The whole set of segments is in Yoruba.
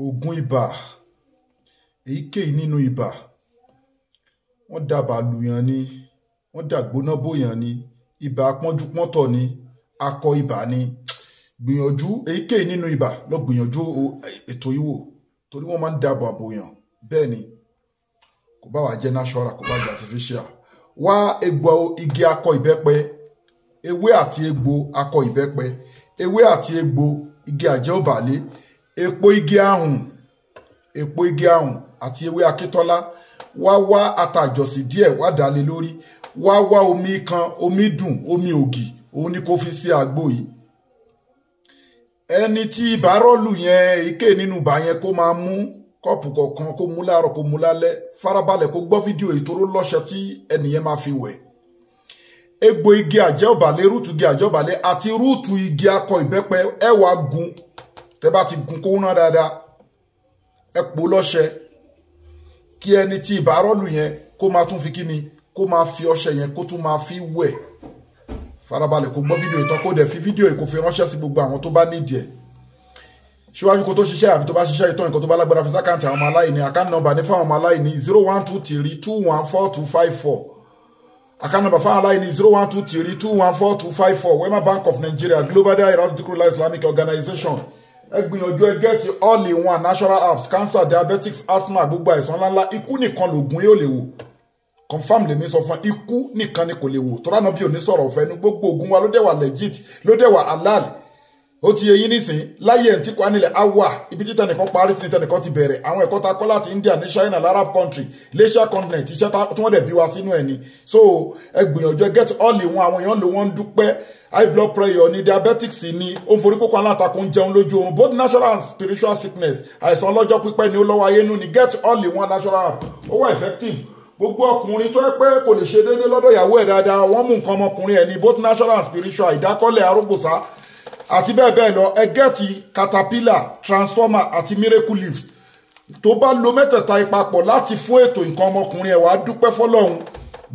oògùn ibà èyíkéyìí nínú ibà wọ́n da bàlùyàn ni wọ́n da gbónábòyàn ni ibà pọ́njúpọ́ntọ̀ ni akọ ibà ni gbìyànjú èyíkéyìí nínú ibà lọ gbìyànjú ètò yìí wò torí wọ́n máa ń dáàbò àbòyàn bẹ́ẹ̀ ni kò bá wà jẹ́ natural kò bá jẹ́ artificial wá egbò igi akọ ìbẹ́pẹ ewé àti egbò akọ ìbẹ́pẹ ewé àti egbò igi àjẹ́ òbàlé èpo igi ahùn èpo igi ahùn àti ewé akíntọ́lá wá wá àtàjọ̀sí díẹ̀ wá dálé lórí wá wá omi kan omi dùn omi ògì òun ni kò fi ṣe àgbo yìí ẹni tí ibà rọ́ọ̀lù yẹn èké nínú ibà yẹn kó máa mú kọ́ọ̀pù kọ̀ọ̀kan kó mú láàárọ̀ kó mú lálẹ́ farabalẹ̀ kó gbọ́ fídíò ìtòrò lọ́ṣọ tí ẹnìyẹn máa fi wẹ̀ egbò igi àjẹ́ ọ̀bàlẹ̀ rúùtù igi àjẹ́ ọ̀bàlẹ̀ àti rúùtù igi akọ ìbẹ́pẹ ẹwà gun tẹ́ bá ti gun kówó náà dáadáa ẹ pò lọ́ṣẹ kí ẹni tí ìbárọ́lù yẹn kó máa tún fi kí ni kó máa fi ọṣẹ yẹn kó tún máa fi wẹ̀ farabalẹ̀ kó gbọ́ fídíò ìtàn kó dẹ̀ fi fídíò yìí kó fi ránṣẹ́ sí gbogbo àwọn tó bá nídìí ẹ̀ síwájú kó tó ṣiṣẹ́ àbí tó bá ṣiṣẹ́ ìtàn nǹkan tó bá lágbára fi sákàǹtì àwọn ọmọ aláìní àkáǹtì nọ́mbà ní fáwọn ọmọ aláìní zero one two three two one four two five four àkáǹtì nọ́mbà fáwọn aláìní zero one two three two one four two five four Wema Bank of Nigeria Global Dahiratu Dhikrlahi Islamic Organization ẹ gbìyànjú ẹ gẹ́ẹ̀tì all in one natural herbs cancer diabetics asthma gbogbo àìsàn ńláńlá ikú nìkan lògùn yóò lè wò confam lèmi sọ fún ikú nìkan ni kò lè wò tọ́lá náà bí òní sọ̀rọ̀ ọ̀fẹ́ nu gbogbo ògùn wa ló dẹ̀ wà legit ló dẹ̀ wà halal ó ti yẹ yín nísìn láyé ẹ̀ ń tí ánilẹ̀ á ibi títẹ̀ nìkan parí sí ní tẹnìkan ti bẹ̀rẹ̀ àwọn ẹ̀kọ́ ta kọ́ láti India ní China larab country Asia continent iṣẹ́ tí wọ́n dẹ̀ bí wa sínú ẹ̀ ni so ẹ gbìyànjú get all in wọn àwọn èèyàn ló wọ́n ń dúpẹ́ high blood pressure ni diabetics ni ó ń forí kókó alátakùn ń jẹun lójú oorun both natural and spiritual sickness àìsàn ọlọ́jọ́ pípẹ́ ni ó lọ́wọ́ ayé nù ni get all in wọn natural app effective gbogbo ọkùnrin tó ẹ pé kò lè ṣe déédéé lọ́dọ̀ ìyàwó ẹ̀ dáadáa wọ́n mú nǹkan ọmọkùnrin ẹ̀ ní both natural and spiritual ìdákọ́lẹ̀ arúgbòsá àti bẹ́ẹ̀ bẹ́ẹ̀ lọ ẹ gẹ́ẹ̀tì caterpillar transformer àti miracle leaves tó bá lo mẹ́tẹ̀ẹ̀ta ìpapọ̀ láti fún ètò nǹkan ọmọkùnrin ẹ̀ wàá dúpẹ́ fọlọ́run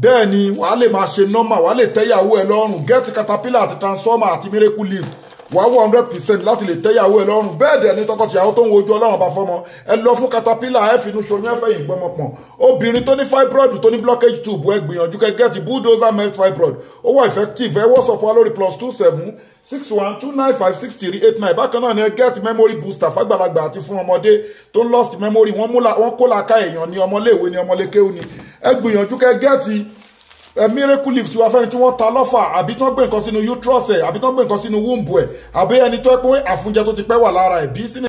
bẹ́ẹ̀ ni wàá lè máa ṣe nọ́mà wàá lè tẹ́yàwó ẹ lọ́rùn gẹ́ẹ̀tì caterpillar àti transformer àti miracle leaves wàá wọ hundred percent láti lè tẹ́yàwó ẹ lọ́rùn bẹ́ẹ̀ dẹ̀ ní tọkọtìyàwó tó ń wojú ọlọ́run bá fọmọ ẹ lọ fún caterpillar ẹ finú ṣoyún ẹ fẹ̀yìn gbọmọpọ̀n obìnrin tó ní fibroid tó ní blockage tube ẹ gbìyànjú kẹ gẹ́ẹ̀tì bulldozer melt fibroid ó wà effective ẹ wọ́sọ̀ fún alórí plus two seven six one two nine five six three eight nine bákan náà ni ẹ gẹ́ẹ̀tì memory booster fàgbàlagbà àti fún ọmọdé tó lost memory wọ́n kó làákà èèyàn ní ọmọléèwé ní ọmọlékéwé ni ẹ gbìyànjú kẹ gẹ́ẹ̀tì Eh, miracle leaf tiwa fẹ́ni tí wọ́n ta lọ́fà àbí tí wọ́n gbé nǹkan sínú uterus ẹ̀ àbí tí wọ́n gbé nǹkan sínú womb ẹ̀ àbí ẹni tó ẹ pé àfúnjẹ tó ti pẹ́ wà lára ẹ̀ bí sínú.